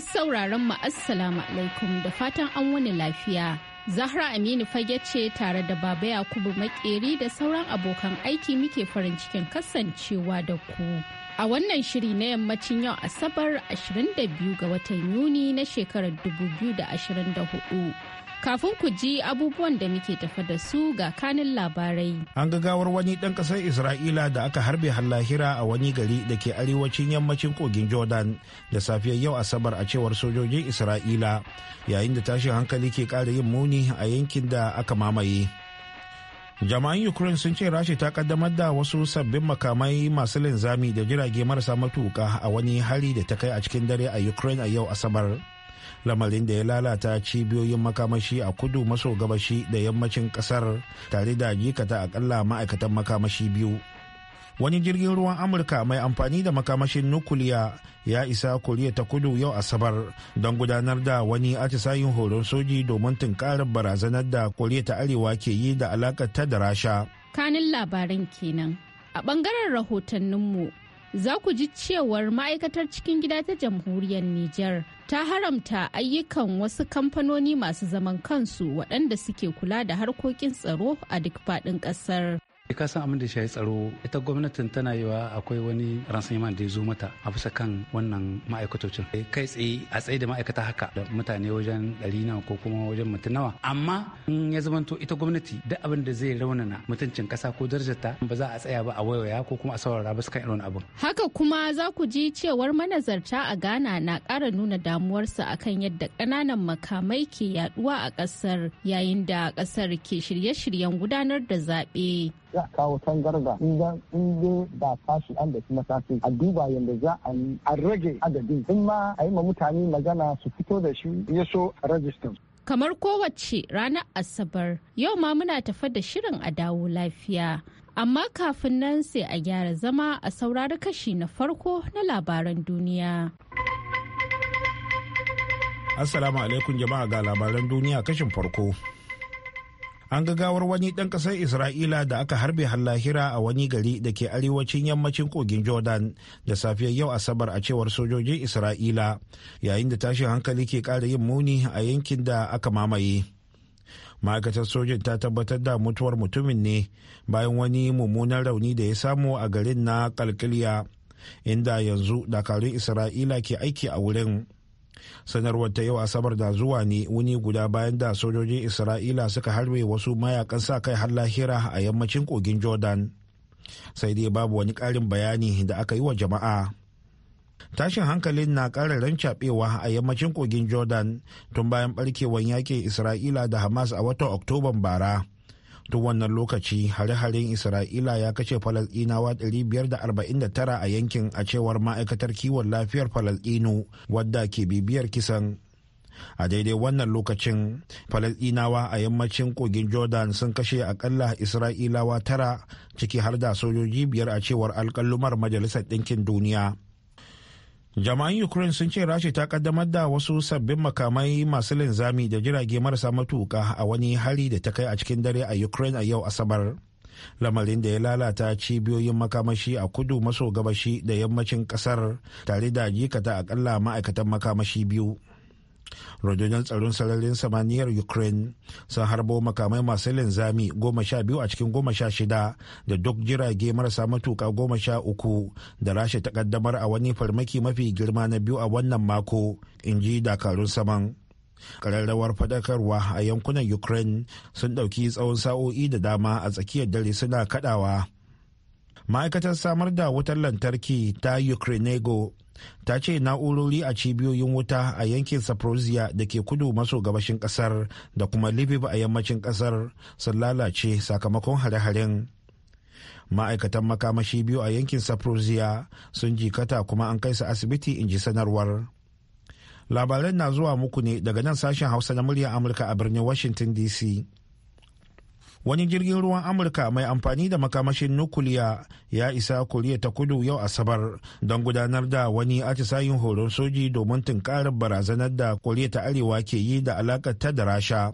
sauraron mu Assalamu alaikum da fatan an wani lafiya. Zahra Aminu fage ce tare da Baba Yakubu Makeri da sauran abokan aiki muke farin cikin kasancewa da ku. A wannan shiri na yammacin yau Asabar 22 ga watan Yuni na shekarar 2024. Kafin ku ji abubuwan da muke tafa da su ga kanin labarai. An ga gawar wani ɗan ƙasar Isra'ila da aka harbe hallahira a wani gari da ke arewacin yammacin kogin Jordan da safiyar yau Asabar a cewar sojojin Isra'ila yayin da tashin hankali ke ƙara yin muni a yankin da aka mamaye. jama'an ukraine sun ce rashi ta kaddamar da wasu sabbin makamai masu linzami da jirage marasa matuka a wani hari da ta kai a cikin dare a ukraine a yau asabar lamarin da ya lalata cibiyoyin makamashi a kudu maso gabashi da yammacin kasar tare da jikata akalla ma'aikatan makamashi biyu wani jirgin ruwan amurka mai amfani da makamashin nukuliya ya isa koriya ta kudu yau asabar don gudanar da wani atisayin horon soji domin tunkarar barazanar da koriya ta arewa ke yi da alakar ta da rasha kanin labaran kenan a bangaren rahotanninmu za ku ji cewar ma'aikatar cikin gida ta jamhuriyar niger ta haramta ayyukan wasu kamfanoni masu zaman kansu waɗanda suke kula da harkokin tsaro a duk faɗin ƙasar. Eh, ka san abin da shi ya tsaro ita gwamnatin tana yiwa akwai wani ransayman da ya zo mata a bisa kan wannan ma'aikatocin eh, kai tsaye a tsaye da ma'aikata haka da mutane wajen ɗari nawa ko kuma wajen mutum nawa amma in ya zamanto ita gwamnati da abin da zai raunana mutuncin ƙasa ko darajarta ba za a tsaya ba a waiwaya ko kuma a saurara ba su kan irin abin. haka kuma za ku ji cewar manazarta a ghana na ƙara nuna damuwarsa akan yadda ƙananan makamai ke yaduwa a ƙasar yayin da ƙasar ke shirye-shiryen gudanar da zaɓe. za a kawo tangarda idan in dai ba fashi an da kuma a duba yadda za a yi a rage adadin in ma a yi ma mutane magana su fito da shi ya so rajistan. kamar kowace ranar asabar yau ma muna tafa da shirin a dawo lafiya amma kafin nan sai a gyara zama a saurari kashi na farko na labaran duniya. Assalamu alaikum jama'a ga labaran duniya kashin farko. an ga gawar wani ɗan ƙasar isra'ila da aka harbe hallahira a wani gari da ke arewacin yammacin kogin jordan da safiyar yau asabar a cewar sojojin isra'ila yayin da tashin hankali ke ƙara yin muni a yankin da aka mamaye ma'aikatar sojin ta tabbatar da mutuwar mutumin ne bayan wani mummunan rauni da ya samu a garin na kalkiliya inda yanzu dakarun isra'ila ke aiki a wurin sanarwar ta yau asabar da zuwa ne wuni guda bayan da sojojin isra'ila suka harbe wasu mayakan sa kai har lahira a yammacin kogin jordan sai dai babu wani ƙarin bayani da aka yi wa jama'a tashin hankalin na ƙara rancaɓewa a yammacin kogin jordan tun bayan ɓarkewar yakin isra'ila da hamas a watan oktoban bara duk wannan lokaci hare-haren isra'ila ya kashe falasdinawa 549 a yankin a cewar ma'aikatar kiwon lafiyar falasdino wadda ke bibiyar kisan a daidai wannan lokacin falasdinawa a yammacin kogin jordan sun kashe akalla isra'ilawa tara ciki har da sojoji biyar a cewar alkalumar majalisar ɗinkin duniya jama'an ukraine sun ce rasha ta kaddamar da wasu sabbin makamai masu linzami da jirage marasa matuka a wani hari da ta kai a cikin dare a ukraine a yau asabar lamarin da ya lalata cibiyoyin makamashi a kudu maso gabashi da yammacin kasar tare da jikata akalla ma'aikatan makamashi biyu rundunar tsaron sararin samaniyar ukraine sun harbo makamai masu linzami goma sha biyu a cikin goma sha shida da duk jirage marasa matuka goma sha uku da rasha ta kaddamar a wani farmaki mafi girma na biyu a wannan mako in ji dakarun saman kararrawar fadakarwa a yankunan ukraine sun ɗauki tsawon sa'o'i da dama a tsakiyar dare suna kadawa ma'aikatar samar da wutar lantarki ta ukrainego ta ce na'urori a cibiyoyin wuta a yankin saprosia da ke kudu maso gabashin kasar da kuma libib a yammacin kasar sun lalace sakamakon hare-haren ma'aikatan makamashi biyu a yankin saprosia sun jikata kuma an kai su asibiti in ji sanarwar labaran na zuwa muku ne daga nan sashen hausa na muryar amurka a birnin washington dc wani jirgin ruwan amurka mai amfani da makamashin nukuliya ya isa koriya ta kudu yau asabar don gudanar da wani atisayin horon soji domin tunkarar barazanar da koriya ta arewa ke yi da alakar ta da rasha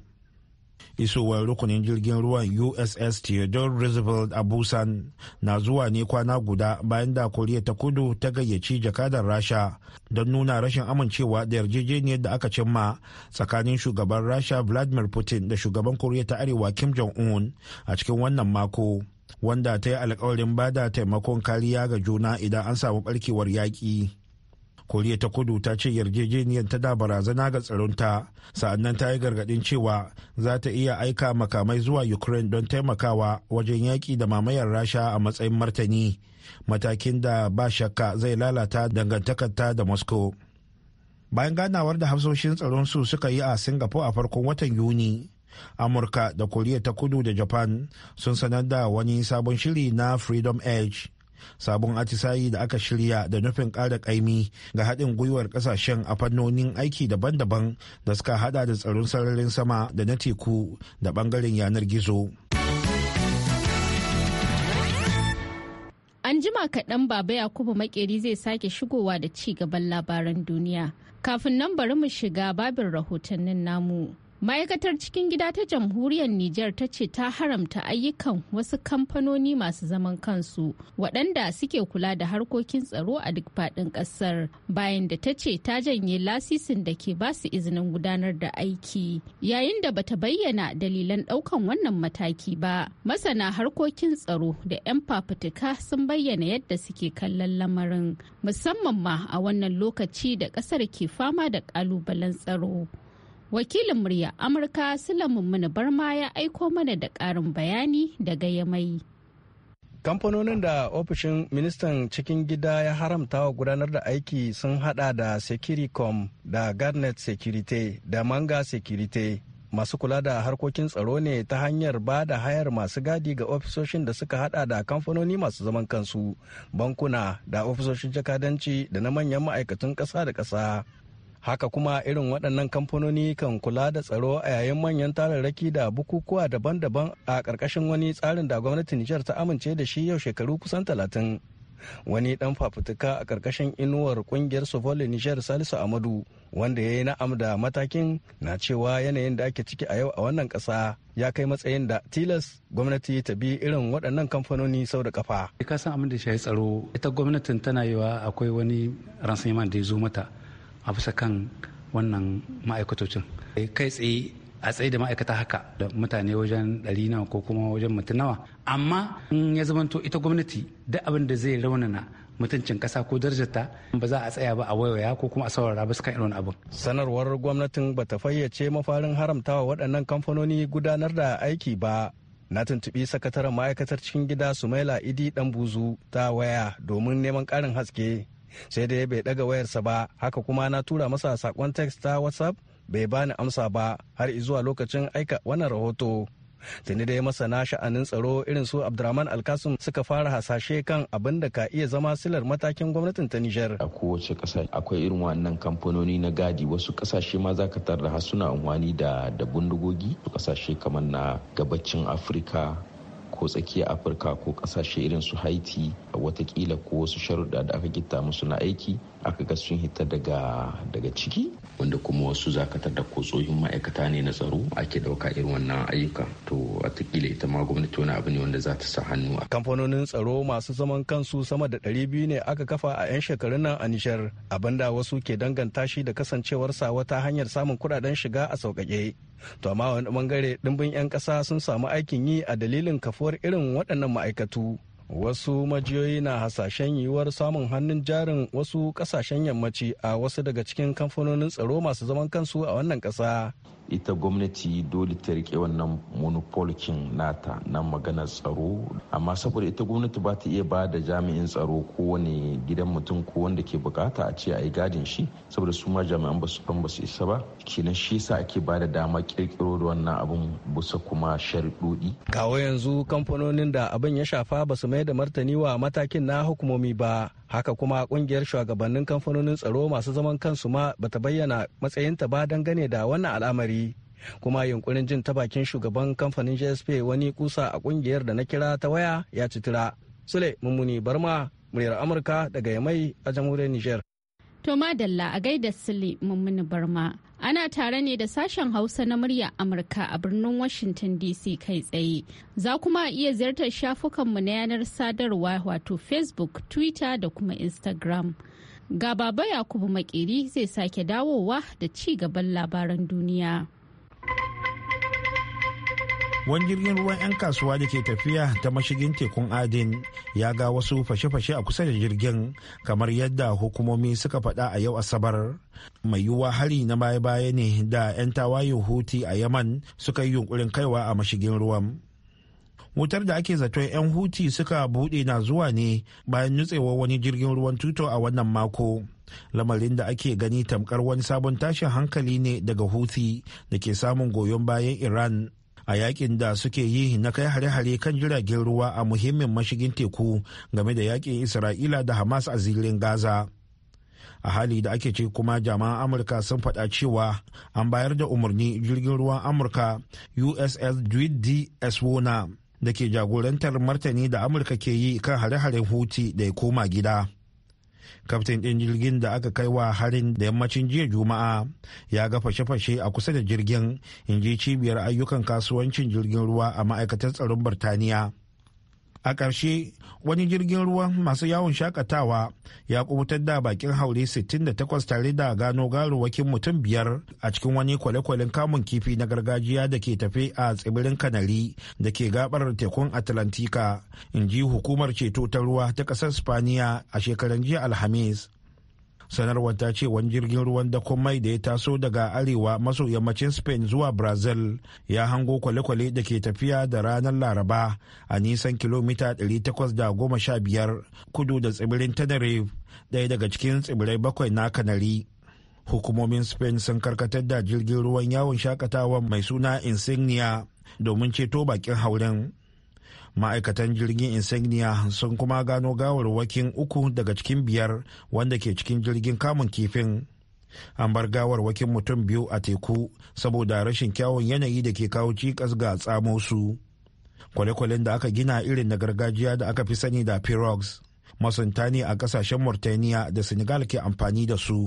isowar rukunin jirgin ruwan uss theodore roosevelt a busan na zuwa ne kwana guda bayan da koriya ta kudu ta gayyaci jakadar rasha don nuna rashin amincewa da yarjejeniyar da aka cimma tsakanin shugaban rasha vladimir putin da shugaban koriya ta arewa kim jong-un a cikin wannan mako wanda ta yi alkawarin bada taimakon kariya ga juna idan an samu barkewar yaƙi. koriya ta kudu ta ce yarjejeniyar ta da barazana ga tsaronta sa'annan ta yi gargadin cewa za ta iya aika makamai zuwa ukraine don taimakawa wajen yaƙi da mamayar rasha a matsayin martani matakin da ba shakka zai lalata dangantakarta da moscow bayan ganawar da hafsoshin tsaron su suka yi a singapore a farkon watan yuni amurka da koriya ta kudu da japan sun sanar da wani sabon shiri na freedom edge sabon atisayi da aka shirya da nufin ƙara ƙaimi ga haɗin gwiwar ƙasashen a fannonin aiki daban-daban da suka hada da tsaron sararin sama da na teku da ɓangaren yanar gizo. An jima kaɗan Baba Yakubu Makeri zai sake shigowa da ci gaban labaran duniya. Kafin nan bari mu shiga babin rahotannin namu. ma'aikatar cikin gida ta jamhuriyar niger ta ce ta haramta ayyukan wasu kamfanoni masu zaman kansu waɗanda suke kula da harkokin tsaro a duk faɗin ƙasar bayan da ta ce ta janye lasisin da ke ba su izinin gudanar da aiki yayin da bata bayyana dalilan ɗaukan wannan mataki ba masana harkokin tsaro da 'yan fafutuka sun bayyana yadda suke kallon lamarin musamman ma a wannan lokaci da ƙasar ke fama da ƙalubalen tsaro wakilin murya amurka sulamun mini barma ya aiko mana da karin bayani daga yamai kamfanonin da ofishin ministan cikin gida ya haramta wa gudanar da aiki sun hada da securicom da garnet security da manga security masu kula da harkokin tsaro ne ta hanyar ba da hayar masu gadi ga ofisoshin da suka hada da kamfanoni masu zaman kansu bankuna da ofisoshin jakadanci da na manyan ma'aikatan ƙasa da ƙasa haka kuma irin waɗannan kamfanoni kan kula da tsaro a yayin manyan tararraki da bukukuwa daban-daban a ƙarƙashin wani tsarin da gwamnatin nijar ta amince da shi yau shekaru kusan talatin wani ɗan fafutuka a ƙarƙashin inuwar ƙungiyar sofole nijar salisu amadu wanda ya yi na'am da matakin na cewa yanayin da ake ciki a yau a wannan ƙasa ya kai matsayin da tilas gwamnati ta bi irin waɗannan kamfanoni sau da kafa. ka san abin da shi tsaro ita gwamnatin tana yiwa akwai wani ransanyaman da ya zo mata a bisa kan wannan ma'aikatocin eh, kai tsaye a tsaye da ma'aikata haka da mutane wajen ɗari nawa ko kuma wajen mutum nawa amma in ya zamanto ita gwamnati da abin da zai raunana mutuncin ƙasa ko darajarta ba za a tsaya ba a wayoya ko kuma a saurara ba su kan irin abin. sanarwar gwamnatin ba ta fayyace mafarin haramtawa waɗannan kamfanoni gudanar da aiki ba na tuntubi sakataren ma'aikatar cikin gida sumaila idi dan buzu ta waya domin neman ƙarin haske sai dai bai daga wayarsa ba haka kuma na tura masa sakon text ta whatsapp bai bani amsa ba har zuwa lokacin aika wannan rahoto tuni dai masana sha'anin tsaro irin su abdurrahman alkasum suka fara hasashe kan abin da ka iya zama silar matakin gwamnatin ta nijar a kowace kasa akwai irin wannan kamfanoni na gadi wasu kasashe ma za ka tarda suna amfani da da bindigogi kasashe kamar na gabacin afirka ko tsakiyar afirka ko kasashe irin su haiti watakila ko wasu sharuɗa da aka gitta musu na aiki aka ga sun hita daga daga ciki wanda kuma wasu zakatar da ko tsohin ma'aikata ne na tsaro ake ɗauka irin wannan ayyuka to a tukile ita ma gwamnati wani abu ne wanda za ta sa hannu a kamfanonin tsaro masu zaman kansu sama da ɗari biyu ne aka kafa a 'yan shekarun nan a nishar abinda wasu ke danganta shi da kasancewarsa wata hanyar samun kuɗaɗen shiga a sauƙaƙe to amma wani bangare ɗimbin 'yan ƙasa sun samu aikin yi a dalilin kafuwar irin waɗannan ma'aikatu wasu majiyoyi na hasashen yiwuwar samun hannun jarin wasu kasashen yammaci a wasu daga cikin kamfanonin tsaro masu zaman kansu a wannan ƙasa ita gwamnati dole ta rike wannan monopolkin nata na maganar tsaro amma saboda ita gwamnati ba ta iya ba da jami'in tsaro kowane gidan mutum ko wanda ke bukata a ce a yi gadin shi saboda su ma jami'an ba su kan ba su isa ba kenan shi yasa ake ba da dama kirkiro da wannan abun busa kuma sharuɗi kawo yanzu kamfanonin da abin ya shafa ba su mai da martani wa matakin na hukumomi ba haka kuma kungiyar shugabannin kamfanonin tsaro masu zaman kansu ma bata bayyana matsayinta ba dangane da wannan al'amari kuma yunkurin jin ta bakin shugaban kamfanin gsp wani kusa a kungiyar da na kira ta waya ya ci tira sule mummuni barma muryar amurka daga yamai a jamhuriyar niger To Madalla a gaida Sule Mummuni Barma. Ana tare ne da sashen Hausa na murya Amurka a birnin Washington DC kai tsaye. Za kuma a iya ziyartar shafukanmu na yanar sadarwa wato Facebook, Twitter da kuma Instagram. Ga baba Yakubu Makiri zai sake dawowa da ci gaban labaran duniya. wani jirgin ruwan 'yan kasuwa da ke tafiya ta mashigin tekun adin ya ga wasu fashe-fashe a kusa da jirgin kamar yadda hukumomi suka faɗa a yau asabar mai yiwuwa hari na baya-baya ne da 'yan tawayin huti a yaman suka yi yunkurin kaiwa a mashigin ruwan wutar da ake zaton 'yan huti suka buɗe na zuwa ne bayan nutsewar wani jirgin ruwan tuto a wannan mako lamarin da ake gani tamkar wani sabon tashin hankali ne daga huti da ke samun goyon bayan iran a yakin da suke yi na kai hare-hare kan jiragen ruwa a muhimmin mashigin teku game da yakin isra'ila da hamas a zirin gaza a hali da ake ce kuma jama'an amurka sun faɗa cewa an bayar da umarni jirgin ruwan amurka uss d da ke jagorantar martani da amurka ke yi kan hare-haren huti da ya koma gida kaftin ɗin jirgin da aka kai wa harin da yammacin jiya juma'a ya ga fashe-fashe a kusa da jirgin in ji cibiyar ayyukan kasuwancin jirgin ruwa a ma'aikatar tsaron birtaniya a ƙarshe wani jirgin ruwa masu yawon shakatawa ya kubutar da bakin haure 68 tare da gano garuwakin mutum biyar a cikin wani kwale-kwalen kamun kifi na gargajiya da ke tafe a tsibirin kanari da ke gabar tekun atlantika in ji hukumar ceto ta ruwa ta ƙasar spaniya a shekaran jiya alhamis sanarwar ta ce wani jirgin ruwan dakon mai da ya taso daga arewa maso yammacin spain zuwa brazil ya hango kwale-kwale da ke tafiya da ranar laraba a nisan kilomita 815 kudu da tsibirin tenerife ɗaya daga cikin tsibirai bakwai na kanari hukumomin spain sun karkatar da jirgin ruwan yawon shakatawa mai suna insignia domin ceto bakin hauren ma'aikatan jirgin insignia sun kuma gano gawarwakin uku daga cikin biyar wanda ke cikin jirgin kamun kifin an bar gawarwakin mutum biyu a teku saboda rashin kyawun yanayi da ke kawo cikas ga tsamo su kwale-kwalen da aka gina irin na gargajiya da aka fi sani da pirogs masunta ne a kasashen mauritania da senegal ke amfani da su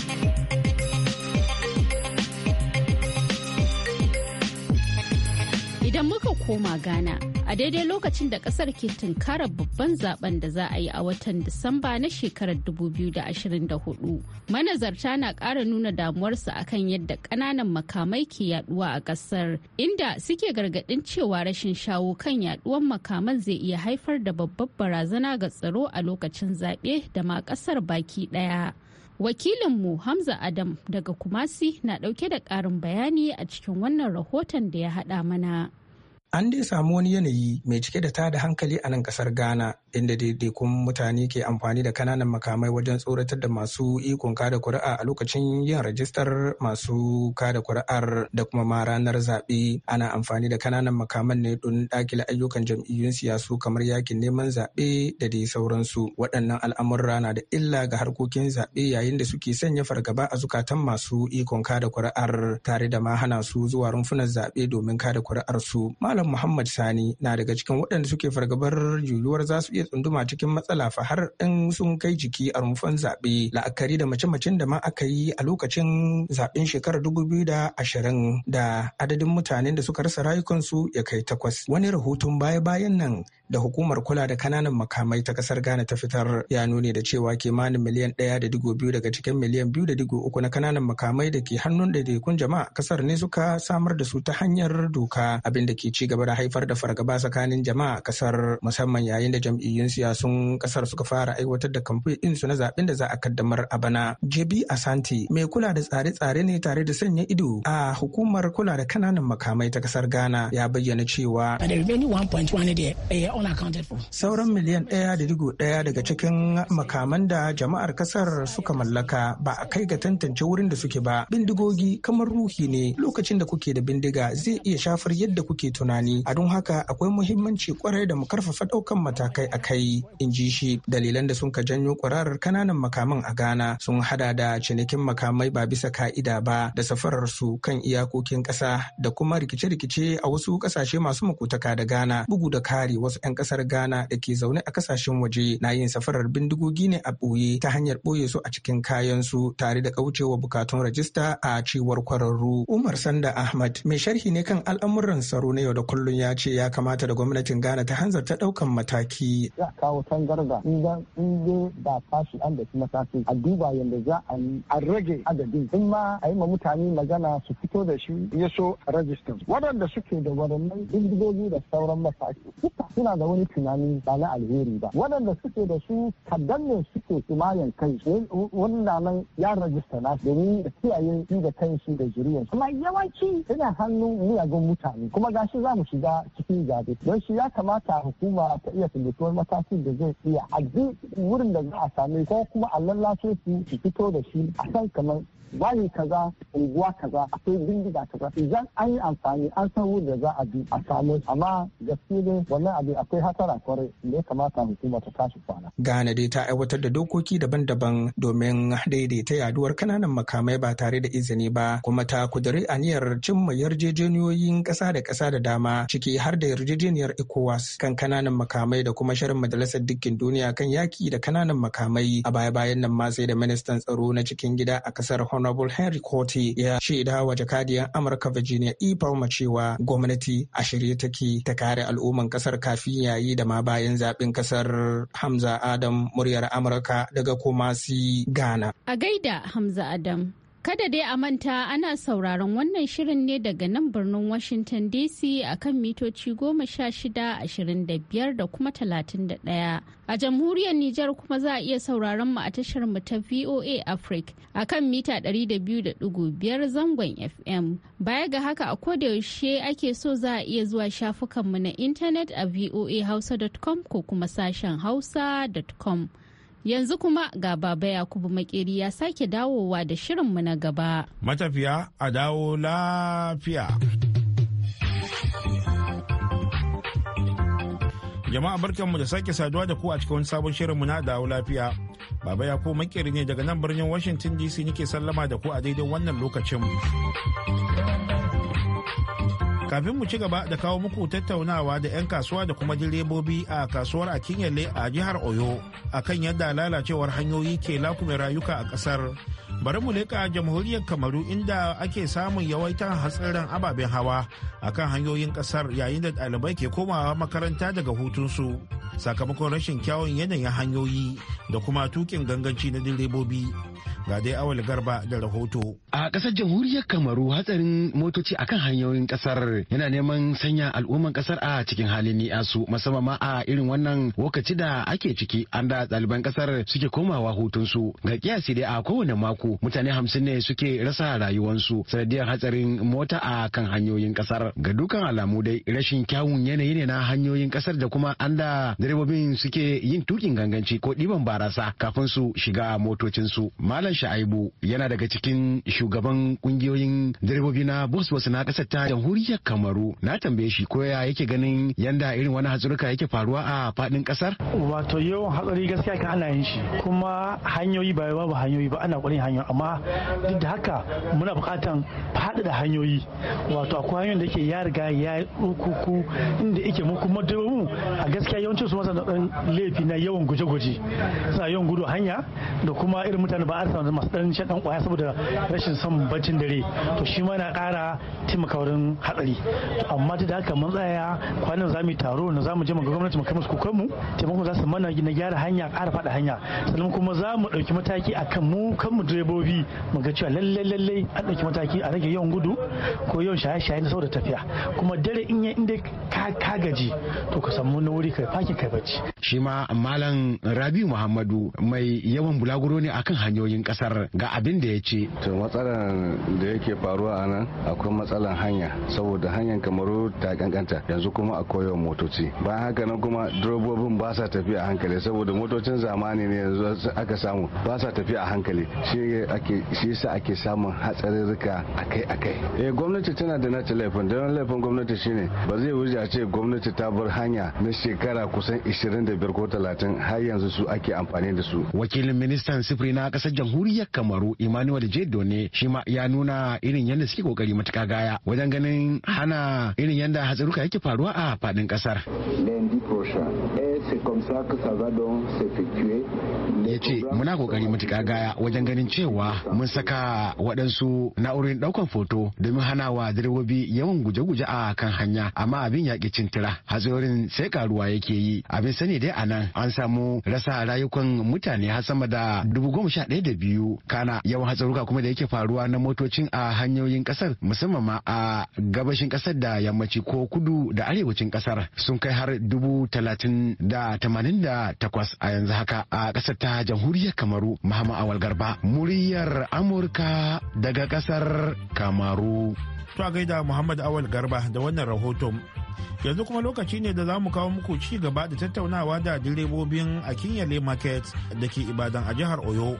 Idan muka koma Ghana, a daidai lokacin da kasar ke tunkara babban zaben da za a yi a watan Disamba na shekarar 2024, manazarta na kara nuna damuwarsa akan yadda kananan makamai ke yaduwa a ƙasar, inda suke gargadin cewa rashin shawo kan yaduwan makaman zai iya haifar da babbar barazana ga tsaro a lokacin zaɓe da ma ƙasar baki ɗaya. wakilinmu hamza adam daga kumasi na dauke da ƙarin bayani a cikin wannan rahoton da ya haɗa mana An dai samu wani yanayi mai cike da tada hankali a nan kasar Ghana inda daidaikun mutane ke amfani da kananan makamai wajen tsoratar da masu ikon kada kuri'a a lokacin yin rajistar masu kada kuri'ar da kuma ma ranar zaɓe. Ana amfani da kananan makaman ne don dakile ayyukan jam'iyyun siyasu kamar yakin neman zaɓe da dai sauransu. Waɗannan al'amurra na da illa ga harkokin zaɓe yayin da suke sanya fargaba a zukatan masu ikon kada kuri'ar tare da ma hana su zuwa rumfunan zaɓe domin kada kuri'ar su. Malam Malam Muhammad Sani na daga cikin waɗanda suke fargabar yiwuwar za su iya tsunduma cikin matsala fa har in sun kai jiki a rumfan zaɓe la'akari da mace-macen da ma aka yi a lokacin zaɓen shekarar biyu da ashirin da adadin mutanen da suka rasa rayukansu ya kai takwas. Wani rahoton baya-bayan nan da hukumar kula da kananan makamai ta kasar Ghana ta fitar ya nuni da cewa kimanin miliyan ɗaya da digo biyu daga cikin miliyan biyu da digo uku na kananan makamai da ke hannun ɗaiɗaikun jama'a kasar ne suka samar da su ta hanyar doka abin da ke ci gaba da haifar da fargaba tsakanin jama'a kasar musamman yayin da jam'iyyun siyasun kasar suka fara aiwatar da kamfe din su na zaben da za a kaddamar a bana. JB Asante mai kula da tsare-tsare ne tare da sanya ido a hukumar kula da kananan makamai ta kasar Ghana ya bayyana cewa sauran miliyan ɗaya da digo ɗaya daga cikin makaman da jama'ar kasar suka mallaka ba a kai ga tantance wurin da suke ba bindigogi kamar ruhi ne lokacin da kuke da bindiga zai iya shafar yadda kuke tunani tunani a don haka akwai muhimmanci kwarai da mu karfafa daukan matakai a kai in ji shi dalilan da sun ka janyo kwararar kananan makaman a ghana sun hada da cinikin makamai ba bisa ka'ida ba da safarar su kan iyakokin kasa da kuma rikice-rikice a wasu kasashe masu makutaka da ghana bugu da kare wasu 'yan kasar ghana da ke zaune a kasashen waje na yin safarar bindigogi ne a ɓoye ta hanyar ɓoye su a cikin kayan su tare da kaucewa bukatun rajista a cewar kwararru umar sanda ahmad mai sharhi ne kan al'amuran tsaro na yau da kullum ya ce ya kamata da gwamnatin Ghana ta ta ɗaukan mataki. Za a kawo tangarda idan in ba fashi an da mataki a duba yadda za a yi a rage adadin in ma a yi ma mutane magana su fito da shi ya so rajistan. Waɗanda suke da waɗannan indigogi da sauran mataki duka suna da wani tunani ba na alheri ba. Waɗanda suke da su kadan ne suke kimanin kai wannan nan ya rajista na domin da kiyaye shi da kansu da zuriyar. Kuma yawanci yana hannu miyagun mutane kuma gashi za za mu shiga cikin zabe don shi ya kamata hukuma ta iya tundutuwar matakin da zai iya a wurin da za a same ko kuma a lallace su fito da shi a san kamar bayi kaza unguwa kaza akwai bindiga kaza idan an yi amfani an san wurin da za a bi a samu amma gaskiya ne wannan abin akwai hasara kwarai da ya kamata hukuma ta tashi kwana. Ghana dai ta aiwatar da dokoki daban-daban domin daidaita yaduwar kananan makamai ba tare da izini ba kuma ta kudiri aniyar cimma yarjejeniyoyin kasa da ƙasa da dama ciki har da yarjejeniyar ECOWAS kan kananan makamai da kuma shirin majalisar dukkin duniya kan yaki da kananan makamai a baya-bayan nan ma sai da ministan tsaro na cikin gida a ƙasar hon Honorable Henry Koti, ya shaida wa jakadiyar Amurka Virginia E. Palmer cewa gwamnati a shirye take ta kare al'umman kasar kafin yayi da ma bayan zaɓen kasar Hamza Adam muryar Amurka daga Kumasi Ghana. A gaida Hamza Adam. Kada dai a manta ana sauraron wannan shirin ne daga nan birnin Washington DC a kan mitoci goma sha shida ashirin da biyar da kuma talatin da ɗaya. A jamhuriyar Nijar kuma za a iya sauraron mu a tashar mu ta VOA Africa a kan mita ɗari da biyu da ɗigo biyar zangon FM. Baya ga haka a yaushe ake so za a iya zuwa shafukanmu na intanet a voahausa.com ko kuma sashen hausa.com. Yanzu kuma ga Baba Yakubu Makeri ya sake dawowa da shirin mu na gaba. Matafiya a dawo lafiya. Jama'a barkanmu da sake saduwa da ku a cikin wani sabon shirinmu na dawo lafiya. Baba Yakubu Makeri ne daga nan birnin Washington DC nake sallama da ku a daidai wannan lokacin. kafin mu ci gaba da kawo muku tattaunawa da 'yan kasuwa da kuma direbobi a kasuwar akinyele a jihar oyo akan yadda lalacewar hanyoyi ke lakume rayuka a kasar bari mu leƙa jamhuriyar kamaru inda ake samun yawaitar hatsarin ababen hawa akan hanyoyin kasar yayin da ɗalibai ke komawa makaranta daga hutunsu sakamakon rashin kyawun yanayin hanyoyi da kuma tukin ganganci na direbobi ga dai awal garba da rahoto a kasar jamhuriyar kamaru hatsarin motoci akan hanyoyin kasar yana neman sanya al'umman kasar a cikin halin ni'asu musamman ma a irin wannan lokaci da ake ciki an da ɗaliban kasar suke komawa hutunsu ga kiyasi dai a kowane mako mutane hamsin ne suke rasa rayuwansu sanadiyar hatsarin mota a kan hanyoyin kasar ga dukan alamu dai rashin kyawun yanayi ne na hanyoyin kasar da kuma an da direbobin suke yin tukin ganganci ko ɗiban barasa kafin su shiga motocinsu malam sha'aibu yana daga cikin shugaban kungiyoyin direbobi na bus bus na ƙasar ta jamhuriyar kamaru na tambaye shi ko ya yake ganin yanda irin wani hatsurka yake faruwa a faɗin ƙasar wato yawan hatsari gaskiya kan ana yin shi kuma hanyoyi ba babu hanyoyi ba ana ƙwarin hanyoyi amma duk da haka muna buƙatan faɗaɗa hanyoyi wato akwai hanyoyin da yake ya riga ya ku inda yake mu kuma a gaskiya yawancin su masa dan laifi na yawan guje-guje suna yawan gudu hanya da kuma irin mutane ba a samu masu dan shan dan kwaya saboda rashin son baccin dare to shi ma na kara taimaka wurin hatsari amma da haka mun tsaya kwanan za mu taro na za mu je mu ga gwamnati mu kai musu kukan mu taimakon za su mana na gyara hanya kara fada hanya sannan kuma za mu dauki mataki akan mu kan mu direbobi mu ga cewa lalle lalle an dauki mataki a rage yawan gudu ko yawan shaye-shaye na saboda tafiya kuma dare in ya inda ka gaji to ka samu na wuri ka fakin kai bacci shi ma malam rabi muhammadu mai yawan bulaguro ne akan hanyoyin kasar ga abin da ya ce to matsalan da yake faruwa a nan akwai matsalan hanya saboda hanyar kamaru ta kankanta yanzu kuma a koyon motoci bayan haka nan kuma durobobin ba sa tafiya a hankali saboda motocin zamani ne yanzu aka samu ba sa tafiya a hankali shi ake shi sa ake samun hatsarurruka akai akai eh gwamnati tana da nata laifin don laifin gwamnati shine ba zai wuce a ce gwamnati ta bar hanya na shekara kusa kusan 25 ko 30 har yanzu su ake amfani da su wakilin ministan sifiri na kasar jamhuriyar kamaru emmanuel jedo ne shi ma ya nuna irin yadda suke kokari matuka gaya wajen ganin hana irin yadda hatsaruka yake faruwa a fadin kasar lendi prochain eh c'est comme ça ce muna kokari matuƙa gaya wajen ganin cewa mun saka waɗansu na'urorin ɗaukan foto domin hana wa direbobi yawan guje-guje a kan hanya amma abin yaƙi cintira hatsarin sai karuwa yake yi abin sani dai a nan an samu rasa rayukan mutane har sama da dubu goma sha ɗaya da biyu kana yawan hatsaruka kuma da yake faruwa na motocin a hanyoyin ƙasar musamman ma a gabashin ƙasar da yammaci ko kudu da arewacin ƙasar sun kai har dubu talatin da tamanin da takwas a yanzu haka a ƙasar ta jamhuriyar kamaru mahama awal garba muryar amurka daga kasar kamaru to a gaida muhammad awal garba da wannan rahoto yanzu kuma lokaci ne da za mu kawo muku ci gaba da tattaunawa da direbobin akinyale market da ke ibadan a jihar oyo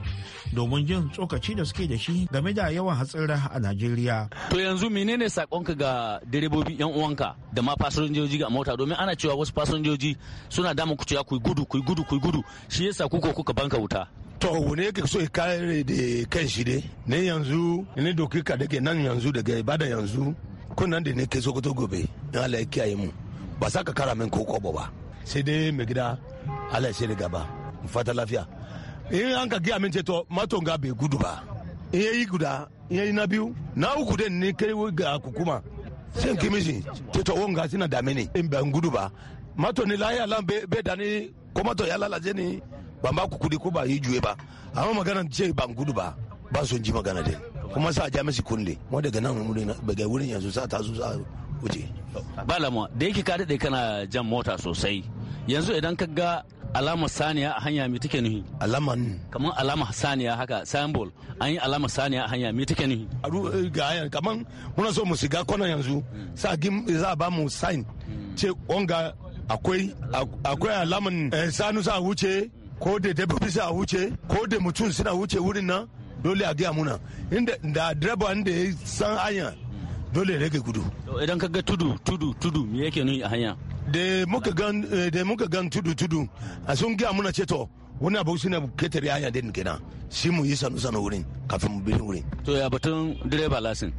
domin jin tsokaci da suke da shi game da yawan hatsira a Najeriya. To yanzu menene sakonka ga direbobi yan uwanka da ma fasinjoji ga mota domin ana cewa wasu fasinjoji suna damun kuciya ku gudu ku gudu ku gudu shi yasa kuka kuka banka wuta. to wani yake so kare da kan shi dai ne yanzu ne doki ka dake nan yanzu daga ibada yanzu ko nan da ne ke sokoto gobe don Allah ya kiyaye mu ba sa ka kara min ko kobo ba sai dai mai gida Allah ya shirya gaba fata lafiya in eh, an ka giya min ce to maton ga bai gudu ba in yayi guda in yayi na biyu na uku din ni kai ga hukuma sai ki mishi ce to wonga sina dame ne in ban gudu ba maton ni lahiya lan be da ni ko maton ya lalaje ni ban ba ku kudi ko ba yi juye ba amma magana ce ban gudu ba ba son ji magana dai kuma sa ja misi kunne mu daga nan daga wurin yanzu sa ta zo sa wuce. lamu da yake ka dade kana jan mota sosai yanzu idan ka ga alama saniya a hanya mai take nuhi alama kamar alama saniya haka symbol an yi alama saniya a hanya mai take nuhi eh, ga hanyar kamar muna so mu shiga kwanan yanzu sa za a ba mu sign ce onga akwai akwai alamar eh, sanu sa wuce ko da dabbobi sa wuce ko da mutum suna wuce wurin nan dole a gaya muna inda da direba inda ya san hanya dole ya rage gudu idan ka ga tudu tudu tudu me yake nuhi a hanya da muka gan tudu-tudu eh, a sun gaya muna ce to wani abu shi ne ketare hanya din kenan shi mu yi sanu-sanu wurin kafin mu bi wurin. to ya batun direba lasin.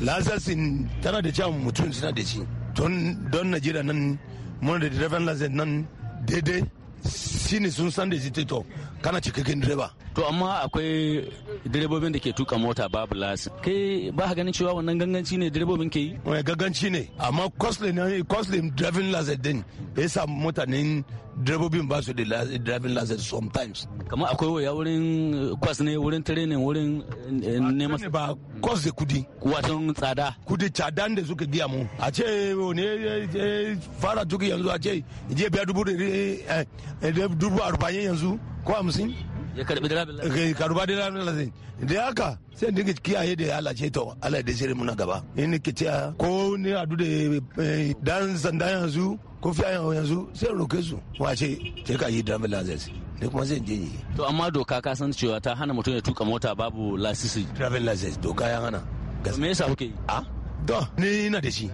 lasin tana da cewa mutum suna da shi don najeriya nan muna da direban lasin nan daidai shi ne sun san da shi to kana cikakken direba to amma akwai direbobin da ke tuka mota babu lasin kai ba ka ganin cewa wannan ganganci ne direbobin ke yi wani eh, ganganci ne amma costly ne costly driving license din ya sa mutanen direbobin ba su da driving license sometimes kamar akwai waya wurin eh, kwas ne wurin training wurin eh, neman ba kwas da kudi watan tsada kudi tsadan da suka giya mu a ce ne fara tuki yanzu a ce je biya dubu arba'in yanzu ko hamsin ya karbi dirabin lazin eh, karba dirabin lazin da haka sai dinga kiyaye da halace to Allah da shirin muna gaba in ke cewa ko ne adu da eh, dan sanda yanzu ko fiya yanzu sai roke su wace ce ka yi dirabin lazin ne kuma zai je yi to amma doka ka san cewa ta hana mutum ya tuka mota babu lasisi dirabin lazin doka ya hana me yasa kuke a ah? Don, ni ina da shi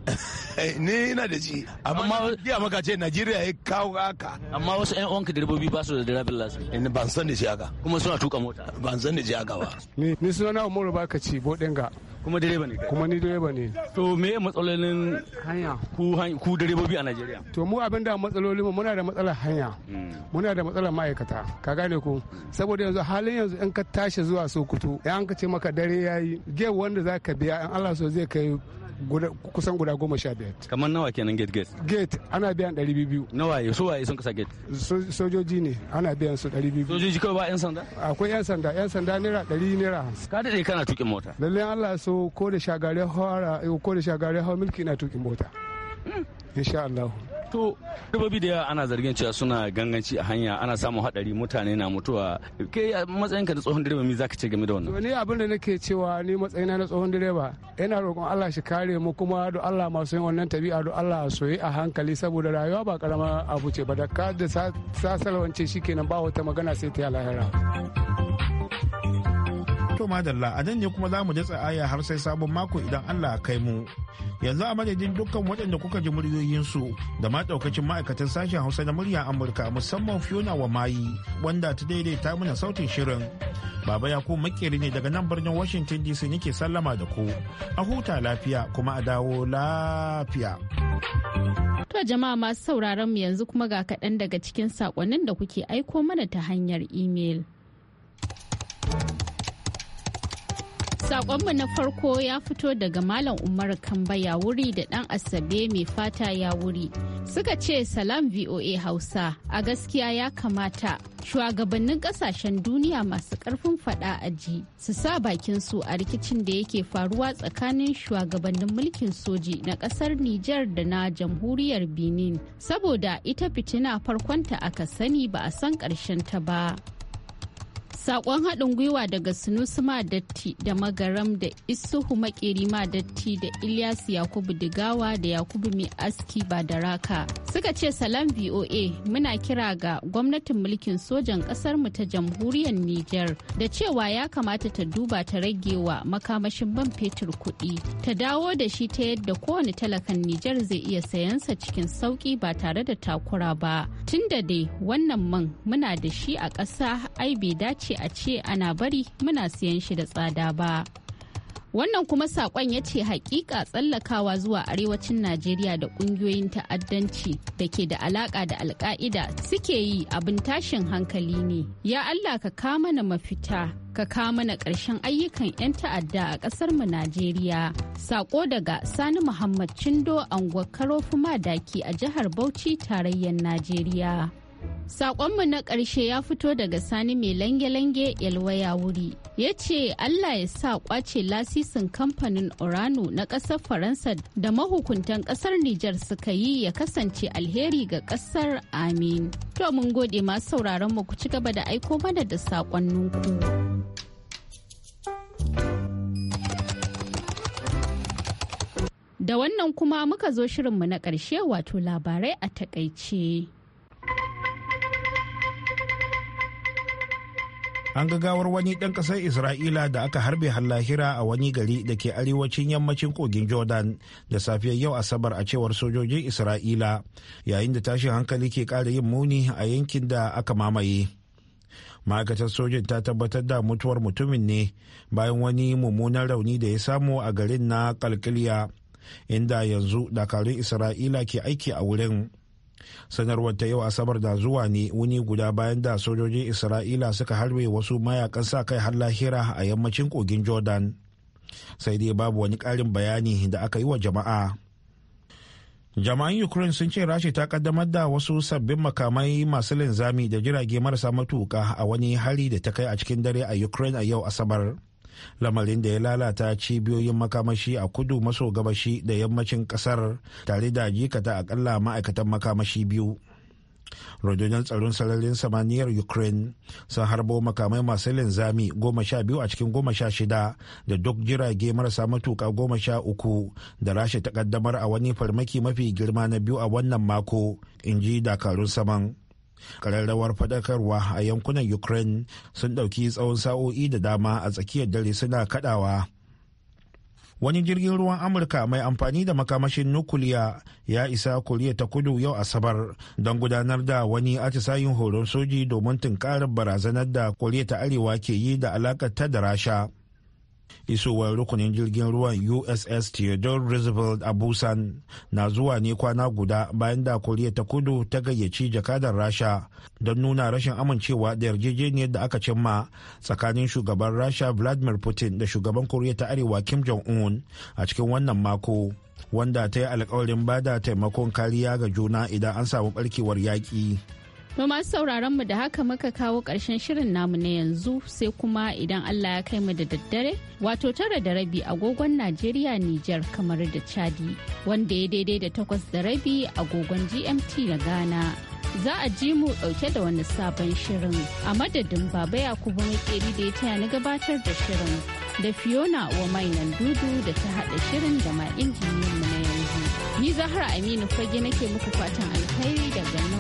eh, ni ina da shi amma ya maka ce najeriya ya kawo haka amma wasu yan uwanka direbobi ba su da dirabin lasu. Ina ban san da shi haka kuma suna tuka mota ban san da shi haka ba ni suna na umaru ka ci bodinga kuma direba ne kuma ni direba ne to me matsalolin hanya ku ku direbobi a Najeriya to mu abin da matsaloli mu muna da matsalar hanya hmm. muna da matsalar ma'aikata ka gane ko saboda yanzu halin yanzu in ka tashi zuwa Sokoto Yan ka ce maka dare yayi gewa wanda ka biya in Allah so zai kai Guda kusan guda goma sha biyar. Kamar nawa kenan gate gate? Gate ana biyan ɗari biyu. biyu. Nawa su waye sun kasa gate? Sojoji ne ana biyan su ɗari biyu. Sojoji kawai ba 'yan sanda? Akwai 'yan sanda 'yan sanda naira ɗari naira hamsin. Ka daɗe kana tuƙin mota? Lallai Allah so ko da shagare hawa ko da shagare hawa milki na tuƙin mota. Hmm. Insha Allah. to dubabi da yawa ana zargin cewa suna ganganci a hanya ana samun hadari mutane na mutuwa ke a matsayinka na tsohon direba me zaka ce game da wannan ni abin da nake cewa ni matsayina na tsohon direba ina roƙon Allah shi kare mu kuma do Allah masu yin wannan tabi'a do Allah soyi a hankali saboda rayuwa ba karama abu ce ba da ka da sasalwance shikenan ba wata magana sai ta yi lahira To madalla a nan ne kuma za mu datsa aya har sai sabon mako idan Allah a kai mu. Yanzu a madadin dukkan waɗanda kuka ji muryoyinsu da ma ɗaukacin ma'aikatan sashen Hausa na murya Amurka musamman Fiona wa mayi wanda ta daidaita mana sautin shirin. Baba ya ku makeri ne daga nan birnin Washington DC nake sallama da ku. A huta lafiya kuma a dawo lafiya. To jama'a masu sauraron mu yanzu kuma ga kaɗan daga cikin saƙonnin da kuke aiko mana ta hanyar imel. Sakonmu na farko ya fito daga Malam Umar kambaya wuri da ɗan Asabe mai fata ya wuri. Suka ce salam VOA Hausa a gaskiya ya kamata shugabannin kasashen duniya masu karfin fada a ji su sa bakin su a rikicin da yake faruwa tsakanin shugabannin mulkin soji na kasar Nijar da na jamhuriyar Benin saboda ita fitina farkonta aka sani ba a san ƙarshen ta ba. Sakon haɗin gwiwa daga Sunusu datti da Magaram da Isuhu Makeri datti da Ilyas Yakubu Digawa da Yakubu Mai Aski Badaraka. Suka ce salam VOA muna kira ga gwamnatin mulkin sojan ƙasar ta jamhuriyar Nijar da cewa ya kamata ta duba ta ragewa makamashin ban fetur kuɗi. Ta dawo da shi ta yadda kowane talakan Nijar zai iya sayansa cikin sauƙi ba tare da takura ba. tunda dai wannan man muna da shi a ƙasa ai bai dace a ce ana bari muna siyan shi da tsada ba. Wannan kuma saƙon ya ce hakika tsallakawa zuwa arewacin Najeriya da ƙungiyoyin ta'addanci da ke da alaƙa da alka'ida suke yi abin tashin hankali ne. Ya Allah ka kama na mafita, ka kama na ƙarshen ayyukan 'yan ta'adda a ƙasar mu Najeriya. Saƙo daga Sani Muhammad Cindo, Angwa Karofuma Daki a jihar Bauchi, tarayyar Najeriya. Sakonmu na ƙarshe ya fito daga sani mai lange-lange yalwaya wuri. Ya ce Allah ya sa kwace lasisin kamfanin Orano na ƙasar Faransa da mahukuntan ƙasar Nijar suka yi ya kasance alheri ga ƙasar Amin. To mun gode masu sauraron mu ku ci gaba da aiko mana da saƙonninku. Da wannan kuma muka zo shirinmu na ƙarshe wato labarai a takaice. an ga gawar wani ɗan ƙasar isra'ila da aka harbe hallahira a wani gari da ke arewacin yammacin kogin jordan da safiyar yau asabar a cewar sojojin isra'ila yayin da tashin hankali ke ƙara yin muni a yankin da aka mamaye ma'aikatar sojin ta tabbatar da mutuwar mutumin ne bayan wani mummunan rauni da ya samu a garin na kalkiliya inda yanzu dakarun isra'ila ke aiki a wurin sanarwar ta yau asabar da zuwa ne wuni guda bayan da sojojin isra'ila suka harbe wasu mayakan sa kai har lahira a yammacin kogin jordan sai dai babu wani ƙarin bayani da aka yi wa jama'a jama'an ukraine sun ce rashi ta kaddamar da wasu sabbin makamai masu linzami da jirage marasa matuka a wani hari da ta kai a cikin dare a ukraine a yau asabar lamarin da ya lalata cibiyoyin makamashi a kudu maso gabashi da yammacin kasar tare da jikata akalla ma'aikatan makamashi biyu rundunar tsaron sararin samaniyar ukraine sun harbo makamai masu linzami goma sha biyu a cikin goma sha shida da duk jirage marasa matuka goma sha uku da rasha ta kaddamar a wani farmaki mafi girma na biyu a wannan mako in ji dakarun saman kararrawar fadakarwa a yankunan ukraine sun ɗauki tsawon sa'o'i da dama a tsakiyar dare suna kadawa wani jirgin ruwan amurka mai amfani da makamashin nukuliya ya isa koriya ta kudu yau asabar don gudanar da wani atisayin horon soji domin tunkarar barazanar da koriya ta arewa ke yi da alakar ta da rasha isowar rukunin jirgin ruwan uss theodore roosevelt a busan na zuwa ne kwana guda bayan da koriya ta kudu ta gayyaci jakadar rasha don nuna rashin amincewa da yarjejeniyar da aka cimma tsakanin shugaban rasha vladimir putin da shugaban koriya ta arewa kim jong-un a cikin wannan mako wanda ta yi alkawarin bada taimakon kariya ga juna idan an samu barkewar yaƙi To masu sauraron mu da haka muka kawo ƙarshen shirin namu na yanzu sai kuma idan Allah ya kai mu da daddare wato tara da rabi agogon Najeriya Nijar kamar da Chadi wanda ya daidai da takwas da rabi agogon GMT da Ghana. Za a ji mu ɗauke da wani sabon shirin a madadin baba Yakubu Makeri da ya taya ni gabatar da shirin da Fiona wa mainan dudu da ta haɗa shirin da ma injiniyan mu na yanzu. Ni Zahra Aminu fage nake muku fatan alkhairi daga nan.